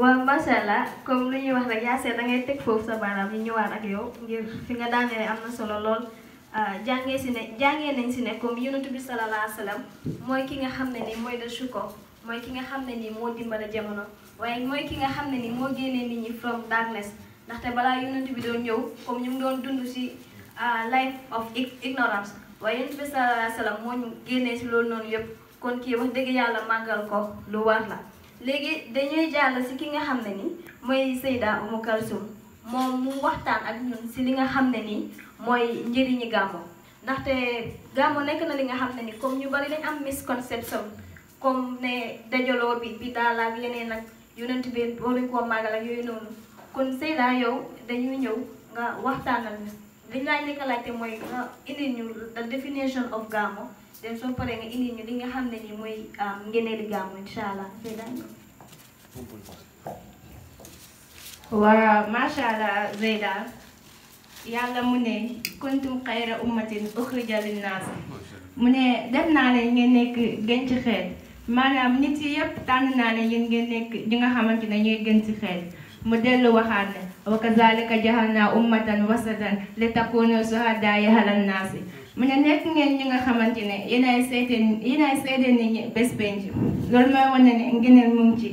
waaw macha allah comme lu ñuy wax rek yaa seet da teg foofu sa baaraam ñu wax ak yow ngir fi nga daanee am na solo lool jàngee si ne jàngee nañ si ne comme yonent bi sallallahu alayhi wa mooy ki nga xam ne nii mooy de sukko mooy ki nga xam ne ni moo dimbale jamono waaye mooy ki nga xam ne ni moo génnee nit ñi from darkness ndaxte balaa yonent bi doon ñëw comme ñu ngi doon dund si life of ignorance waaye yonent bi sallallahu alayhi wa moo génnee si loolu noonu yëpp kon kii wax yàlla màggal ko lu war la. léegi dañuy jàll si ki nga xam ne ni mooy seydaa Oumou Kalsoum moom mu waxtaan ak ñun si li nga xam ne nii mooy njëriñi gàmmu ndaxte gàmmu nekk na li nga xam ne ni comme ñu bari dañ am miss misconception comme ne dajaloo bi bi daala ak yeneen ak yonent bi waruñ koo màggal ak yooyu noonu kon Seyda yow dañuy ñëw nga waxtaanal ñu liñ laay njëkk a mooy nga indi ñu la definition of gàmmu then soo paree nga indi ñu li nga xam ne nii mooy ngéneeli gàmmu incha allah. waaw macha allah Zeyda yàlla mu ne kuntum xayra ummatin uxrija linnaas mu ne def naa leen ngeen nekk gën ci xeet maanaam nit yi yëpp tànn naa ne yéen ngeen nekk ñi nga xamante ne ñooy gën ci xeet mu dellu waxaat ne wa kazalika jaxal naa ummatan wasatan li takuunu suhadaa yi halan naasi mu ne nekk ngeen ñi nga xamante ne yéen ay seete yéen ay seede ni bés penc loolu mooy wane ne ngëneel mu ngi ci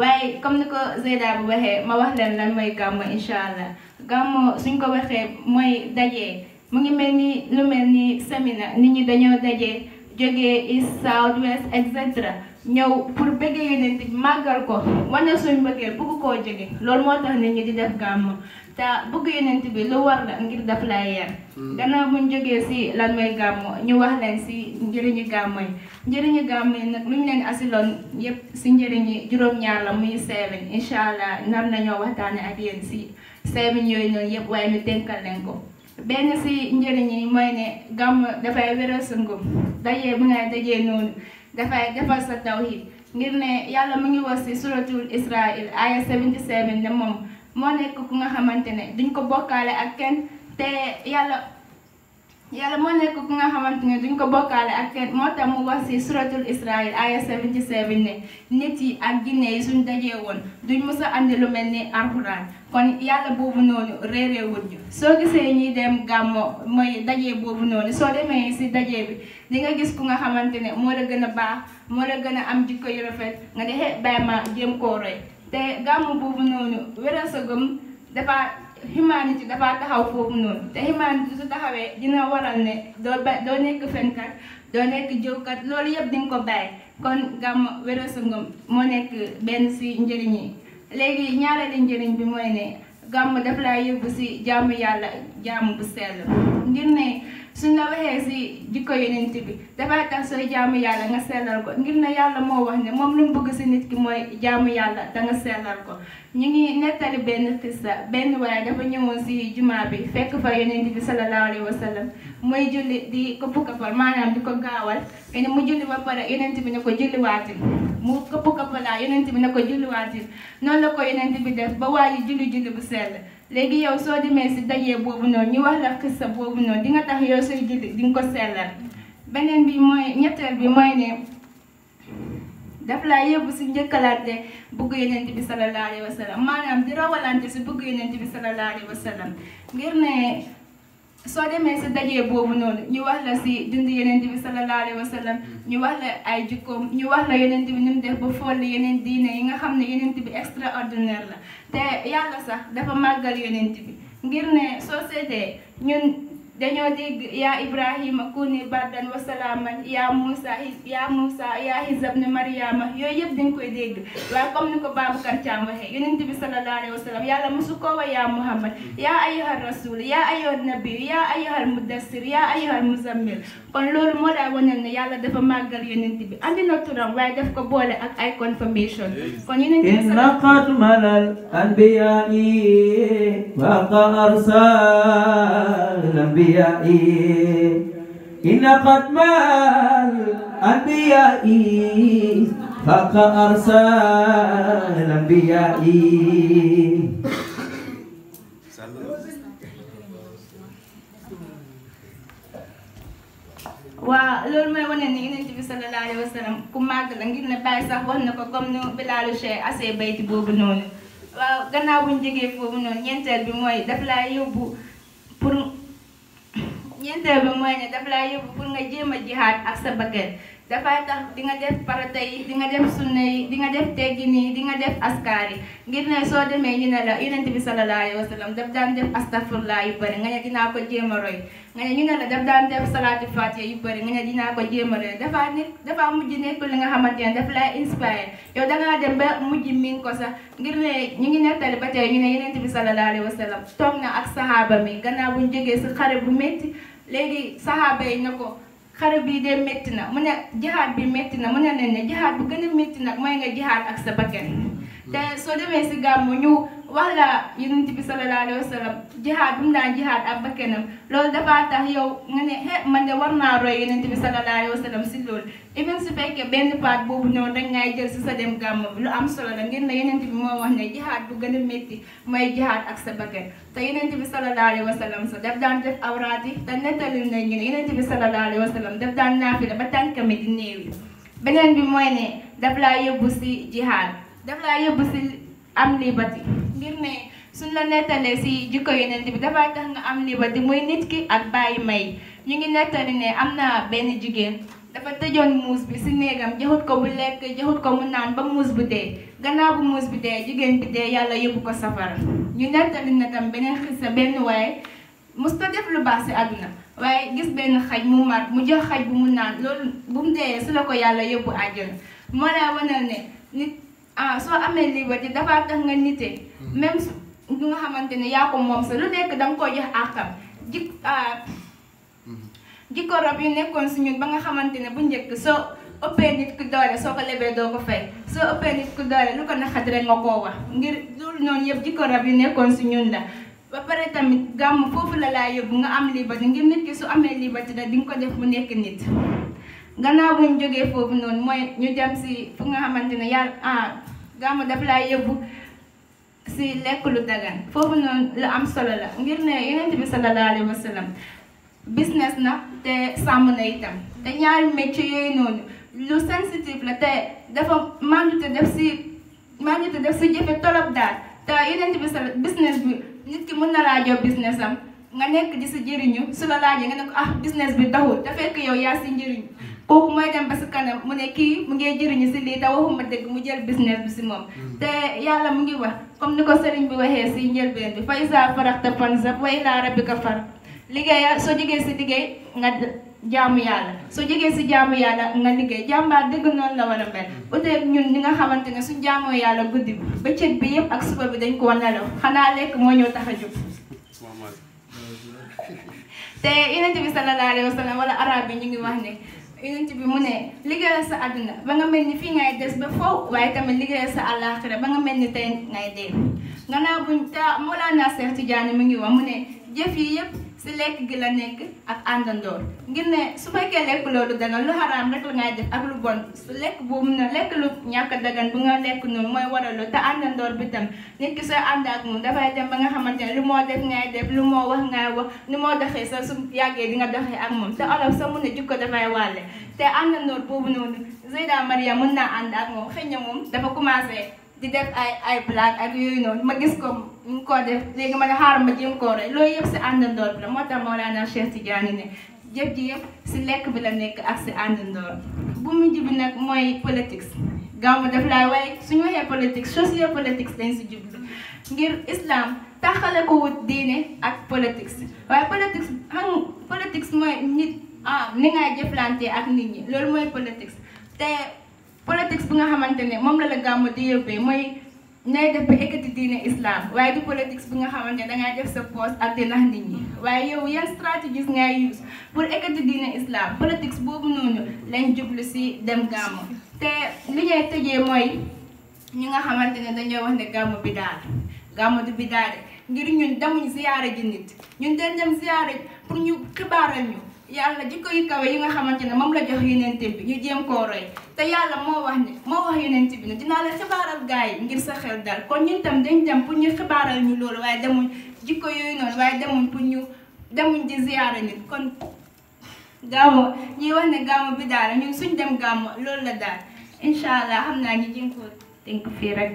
waaye comme ni ko Zeyda bu waxee ma wax la lan mooy gàmmo incha allah gàmmo suñ ko waxee mooy dajee mu ngi mel ni lu mel ni séminaire nit ñi dañoo dajee jógee east south west et cetera ñëw pour bëggee yonent bi màggal ko wane suñ bëggee bëgg koo jóge loolu moo tax nit ñi di def gàmmo te bëgg yonent bi lu war la ngir daf lay yar gannaaw buñ jógee si lan mooy gàmmo ñu wax leen si njëriñu gàmmo yi njëriñu gàmmo yi nag lu ñu leen asiloon yépp si njëriñu juróom-ñaar la muy seewiñ incha allah nar nañoo waxtaane ak yéen si seewiñ yooyu noonu yépp waaye mu dénkal leen ko benn si njëriñ yi mooy ne gàmmo dafay wéral sa ngëm dajee bu ngay dajee noonu dafay defal sa tawhid ngir ne yàlla mu ngi wax si suratul israil aya 77 ne moom moo nekk ku nga xamante ne duñ ko bokkaale ak kenn te yàlla yàlla moo nekk ku nga xamante ne duñ ko bokkaale ak kenn moo tax mu wax ci suratul israil aya 77 ne nit yi ak jinne yi suñ dajee woon duñ mës a andi lu mel ni alxuraan kon yàlla boobu noonu réeréewul ñu soo gisee ñuy dem gàmmo mooy dajee boobu noonu soo demee si dajee bi di nga gis ku nga xamante ne moo la gën a baax moo la gën a am jikko yu rafet nga dexe bay ma jéem koo roy te gàmm boobu noonu wéral sa gëm dafa humanité dafa taxaw foofu noonu te humanité su taxawee dina waral ne doo ba doo nekk fenkat doo nekk jëwkat loolu yëpp di ko bàyyi kon gàmm wéral sa ngëm moo nekk benn si njëriñ yi léegi ñaareelu njëriñ bi mooy ne gàmmu daf laa yóbbu si jàmm yàlla jaamu bu sell ngir ne si la waxee si jikko yeneen bi dafay tax sooy jàmm yàlla nga sellal ko ngir ne yàlla moo wax ne moom lu mu bëgg si nit ki mooy jaamu yàlla danga sellal ko ñu ngi nettali benn xissa benn waaye dafa ñëwoon si jumaa bi fekk fa yeneen bi sallallahu alayhi wa sallam mooy julli di këpp këppal maanaam di ko gaawal ene mu julli ba pare yeneen bi ne ko julliwaatil mu këpp këppalaa yeneen bi ne ko julliwaatil noonu la ko yeneen bi def ba waaye julli julli bu sell léegi yow soo demee si dajee boobu noonu ñu wax la xissa boobu noonu dinga nga tax yow sooy julli di nga ko sellal beneen bi mooy ñetteel bi mooy ne daf laa yóbbu si njëkkalante bëgg yonent bi sallallahu alayhi wa sallam maanaam di rawalante si bëgg yonent bi sallallahu alayhi wa sallam ngir ne soo demee si dajee boobu noonu ñu wax la si dund yeneen bi sallallahu alayhi wa sallam ñu wax la ay jikkoom ñu wax la yeneen bi ni mu def ba fool yeneen diine yi nga xam ne yeneen bi extraordinaire la te yàlla sax dafa màggal yeneen bi ngir ne soo seetee ñun dañu dig ya ibrahim kuni badan wa salaaman ya musa ya musa ya Hizab ni maryama yoy yeb dañ koy dégg wa comme ni ko Babacar Thiam waxee yonent bi sallallahu alayhi wa sallam la mosu koo wa ya Muhammad ya ayyuha rasul ya ayyuha nabi ya ayyuha mudassir ya ayyuha muzammil kon loolu mo da wanal ne yàlla dafa magal yonent bi andi na turam way daf ko bolé ak ay confirmation kon yonent bi inna qad malal anbiya'i wa qad arsal الأنبياء إن قدم الأنبياء فق أرسال الأنبياء waaw loolu mooy wane ni yonent bi sallallahu alayhi wa sallam ku màgg la ngir ne bàyyi sax na ko comme nu bayti boobu noonu waaw gannaaw bu ñu jógee bi mooy daf laa yóbbu nyenda la yobbu pour nga ngaje jihad ak sa bagat di nga def paratay nga def di nga def teggini nga def askari ngir ne so demé ñu ne la yonent bi sallallahu alayhi wasallam daf daan def astaghfirullah yu bari nga ne dina ko jema roy nga ne ñu ne la daf daan def salatu fatiha yu bari nga ne dina ko jema roy dafa nit dafa mujj nekk li nga xamantene daf lay inspire yow da nga dem ba mujj min ko sax ngir ne ñu ngi nettali ba tay ñu ne yonent bi sallallahu alayhi wasallam tok na ak sahaba mi ganna buñu jégué ci si xare bu metti léegi sahaba yi nako xare bii dee métti na mu ne jihaat bi métti na mu ne leen ne jihaat bu gën a métti nag mooy nga jihaat ak sa bakkan te soo demee si gàmmu ñu wax la yonent bi sallallahu alayhi wa sallam jihaat bu mu daan jihaat ak bakkanam loolu dafaa tax yow nga ne he man de war naa roy yonent bi sallallahu alayhi wa sallam si loolu even su fekkee benn part boobu noonu rek ngay jël si sa dem gàmm lu am solo la ngeen ne yeneen bi moo wax ne jihaad bu gën a métti mooy jihaad ak sa bakkan te yeneen bi sallallahu alayhi wa sallam sa daf daan def awraat yi te nettali nañu ne yeneen bi sallallahu alayhi wa sallam ba tànkami di néewi beneen bi mooy ne daf laa si jihaad daf laa si am liberté ngir ne suñ la nettalee si jikko yeneen bi dafay tax nga am liberté muy nit ki ak bàyyi may ñu ngi nettali ne am na benn jigéen dafa tëjoon muus bi si néegam joxut ko mu lekk joxut ko mu naan ba muus bi dee gannaaw bu muus bi dee jigéen bi dee yàlla yóbbu ko safara ñu nettali na tam beneen xisa benn waaye mus ta def lu baax si àdduna waaye gis benn xaj mu mat mu jox xaj bu mu naan loolu bu mu dee su la ko yàlla yóbbu àjjana moo laa wanal ne nit soo amee liberté dafaa tax nga nite hmm. même su nga xamante ne yaa ko moom sa lu nekk dam koo jox àqam ji jikko rab yu nekkoon si ñun ba nga xamante ne bu njëkk soo ëppee nit ku doole soo ko lebee doo ko fay soo ëppee nit ku doole lu ko naxat rek nga koo wax ngir loolu yëpp jikko rab yu nekkoon si ñun la ba pare tamit gàmm foofu la laa yóbbu nga am liberté ngir nit ki su amee liberté da di nga ko def mu nekk nit gannaaw bu ñu jógee foofu noonu mooy ñu jam si fu nga xamante ne yàlla ah gàmm daf laa yóbbu si lekk lu dagan foofu noonu lu am solo la ngir ne yonent bi sallallahu alayhi business na te sàmm na itam te ñaari métier yooyu noonu lu sensitive la te dafa mandute def si mandute def si jëfe tolop daal te yeneen bi sa business bi nit ki mën na laa jox business am nga nekk di si jëriñu su la laajee nga ne ko ah business bi taxul te fekk yow yaa si njëriñu kooku mooy dem ba si kanam mu ne kii mu ngi jëriñu si lii te waxuma dëgg mu jël business bi si moom mm. te yàlla mu ngi wax comme ni ko sëriñ bi waxee si njëlbeen bi fa isa faraxta fansab wa liggéeya soo jegee si liggéey nga jaamu yàlla soo jegee si jàmm yàlla nga liggéey jàmbaar dëgg noonu la war a mel uteeg ñun ñi nga xamante ne suñ jàmmoo yàlla guddi bi bëccëg bi yëpp ak suba bi dañ ko nelaw xanaa lekk moo ñëw tax a jóg te yonent bi sallallahu alayhi wa sallam wala arab bi ñu ngi wax ne yonent bi mu ne liggéeyal sa àddina ba nga mel ni fii ngay des ba faw waaye tamit liggéeyal sa àllaaxira ba nga mel ni tey ngay dee nga naa buñ ta Mawlana ngi wax mu ne jëf yi yëpp si lekk gi la nekk ak àndandoor ngir ne su fekkee lekk loolu dagan lu xaraam rek la ngay def ak lu bon su lekk boobu na lekk lu ñàkk dagan bu nga lekk noonu mooy waralu te àndandoor bi tam nit ki soo ànd ak moom dafay dem ba nga xamante ne lu moo def ngay def lu moo wax ngay wax lu moo doxee sa su yàggee di nga doxee ak moom te olof sa mun ne ko dafay wàlle te àndandoor boobu noonu Zeyda Maria mën naa ànd ak moom xëy na moom dafa commencé di def ay ay plat ak yooyu noonu ma gis ko mu ngi koo def léegi ma ne xaaral ma jéem koo roy loolu yëpp si àndandoor bi la moo tax Mawlana Cheikh Tidiane ne jëf ji yëpp si lekk bi la nekk ak si àndandoor bu mujj bi nag mooy politique gaaw ma def laa waaye suñu waxee politique sociopolitique lañ si jublu ngir islam taxale ko wut diine ak politique waaye politique xam politique mooy nit ah ni ngay jëflantee ak nit ñi loolu mooy politique te politique bu nga xamante ne moom la la gàmmu di yóbbee mooy nooy def ba ekkati diine islam waaye di politique bi nga xamante ne dangaa def sa poste ak di nax nit ñi waaye yow yan stratégies ngay use pour ekkati diine islam politique boobu noonu lañ jublu si dem gàmmu te li ñuy tëjee mooy ñi nga xamante ne dañoo wax ne gàmmu bi daal gàmmu du bi daal ngir ñun dem ziyaare ji nit ñun dañ dem ziyaare pour ñu xibaaral ñu. yàlla jikko yu kawe yi nga xamante ne moom la jox yonent bi ñu jéem koo roy te yàlla moo wax ne moo wax yonent bi ne dinaa la xibaaral gars yi ngir sa xel dal kon ñun tam dañ dem pour ñu xibaaral ñu loolu waaye demuñ jikko yooyu noonu waaye demuñ pour ñu demuñ di ziyaara nit kon gàmmu ñuy wax ne gàmmu bi daal ñun suñ dem gàmmu loolu la daal incha allah xam naa ñu jéem koo tënk fii rek.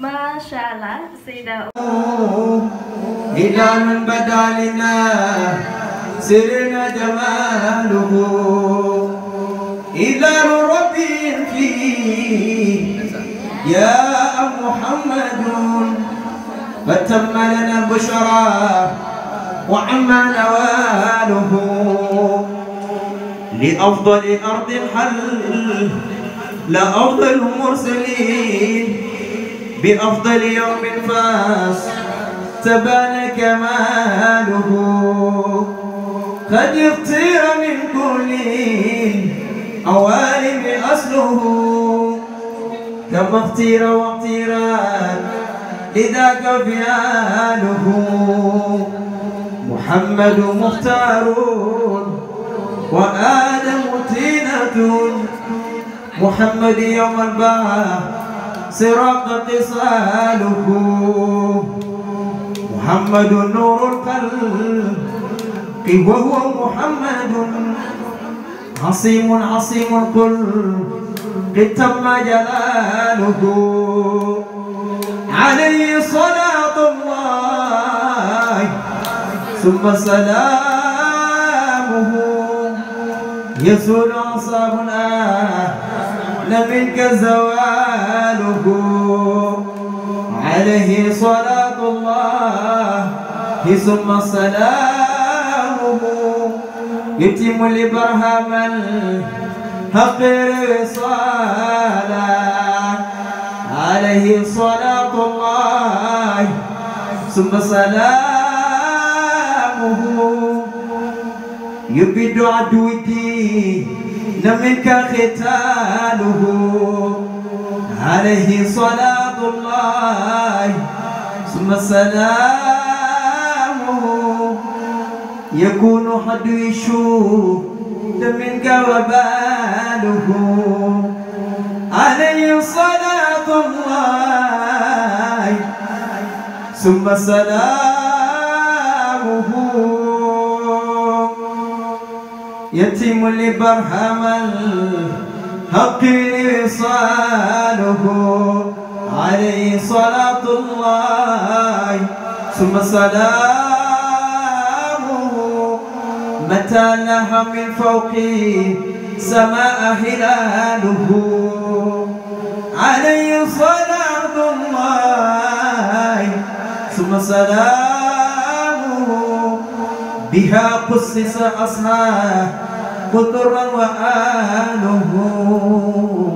ما شاء الله سيدة بدا لنا سرنا جماله هلال ربي فيه يا محمد فتم لنا البشرى وعما نواله لأفضل أرض حل لأفضل المرسلين بأفضل يوم فاس تبان كماله قد اغتير من كل عوالم أصله كما اغتير واغتيران لذاك فعاله محمد مختار وآدم تينة محمد يوم البعث صراط اتصاله محمد نور القلب وهو محمد عصيم عصيم القلب قد تم جلاله عليه صلاة الله ثم سلامه يسود أعصابنا منك زواله عليه صلاة الله ثم سلامه يتم لبرهام الحق رسالة عليه صلاة الله ثم سلامه يبدو عدوتي منك ختاله عليه صلاة الله ثم سلامه يكون حد يشوف منك وباله عليه صلاة الله ثم سلامه يتم لبرهم الحق وصاله عليه صلاة الله ثم سلامه متى لها من فوقه سماء هلاله عليه صلاة الله ثم سلامه dihapus khussisa asna kuturang wa aluhu